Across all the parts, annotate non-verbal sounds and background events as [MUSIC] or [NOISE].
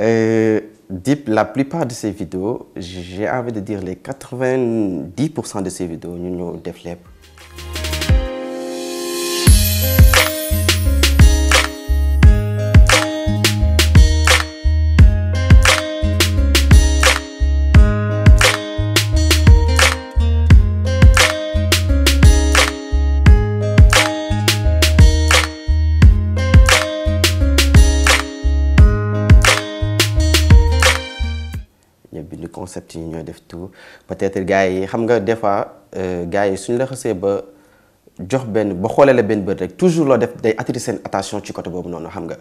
Euh, la plupart de ces vidéos, j'ai envie de dire les 90% de ces vidéos, nous nous développons. concept yi ñoy def tout peut-être gars yi xam nga des fois euh, gars yi suñu la xasee ba jox ben, ba xolé la ben, bët rek toujours lo def day attirer sen attention ci côté bobu noonu xam nga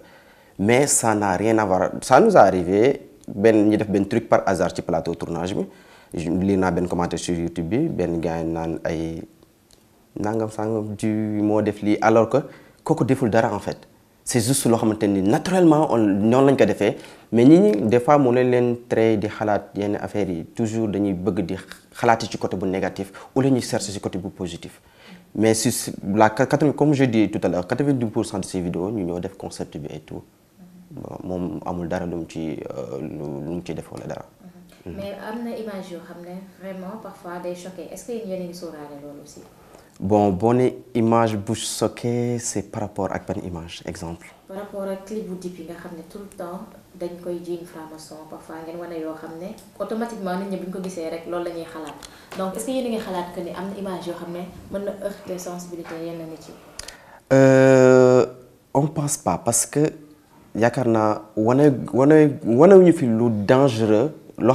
mais ça n'a rien à voir ça nous est arrivé ben ñi def ben truc par hasard ci plateau tournage bi li na ben commentaire sur YouTube bi ben gars yi naan ay nangam sangam du mo def li alors que kooku deful dara en fait c'est juste loo xamante ni naturellement on noonu lañ ko defee mais nit ñi des fois mu ne leen très di xalaat yenn affaires toujours dañuy bëgg di xalaati ci côté bu négatif ou la ñuy chercher ci côté bu positif mais si la quatre comme je dis tout à l'heure quatre-vingt-dix pour cent de ces vidéos ñu ñoo def concept bi et tout moom amul dara lu mu ci euh, lu mu ci def wala dara. Mm-hmm. mais am na image yoo xam vraiment parfois des choqués. est-ce que yéen a ngi sóoraale loolu aussi bon bonne image bouche c'est par rapport à quelle image exemple. par rapport à clip que vous nga tout le temps dañ parfois automatiquement on ko que rek vous donc est-ce que vous a une que image ne sensibilité euh, on pense pas parce que yakarna fi dangereux lo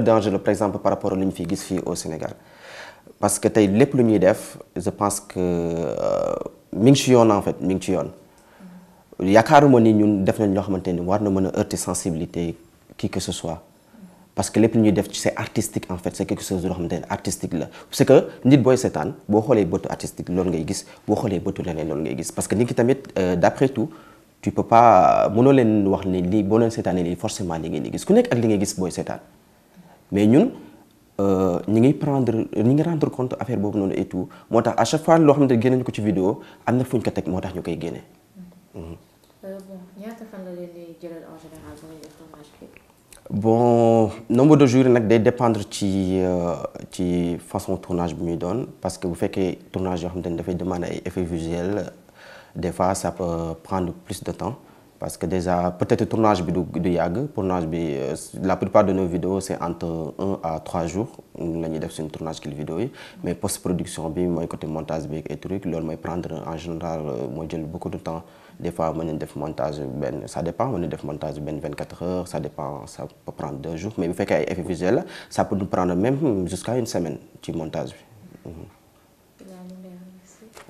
dangereux par exemple par rapport à ñu au Sénégal parce que tey lépp lu ñuy def je pense que euh, mi en fait mi ngi ci yoon yaakaaruma ni ñun def nañ loo xamante ni war na mën a sensibilité qui que ce soit parce que lépp lu ñuy def c'est artistique en fait c'est quelque chose loo xamante artistique la parce que nit booy seetaan boo xoolee bëtu artistique loolu ngay gis boo xoolee bëtu leneen loolu ngay gis parce que nit ki tamit euh, d'après tout tu peux pas mënoo leen wax ni lii boo leen seetaanee lii forcément li ngeen di gis ku nekk ak li ngay gis booy seetaan mais ñun ñi euh, ngi rendre compte de et tout à chaque fois que nous une vidéo nous ko mm-hmm. euh, bon nombre de jours dépend de la dépendre ci euh, tournage me fait. parce que le tournage de fait de des fois ça peut prendre plus de temps parce que déjà peut-être tournage de du euh, la plupart de nos vidéos c'est entre 1 à 3 jours on avons def un tournage la vidéo mais post production le montage et trucs, ça me prendre en général euh, beaucoup de temps des fois mën nañ def montage ça dépend mën nañ def montage 24 heures ça dépend ça peut prendre 2 jours mais qu'il y ay effet visuel ça peut nous prendre même jusqu'à une semaine du montage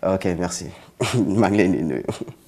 ok merci [LAUGHS]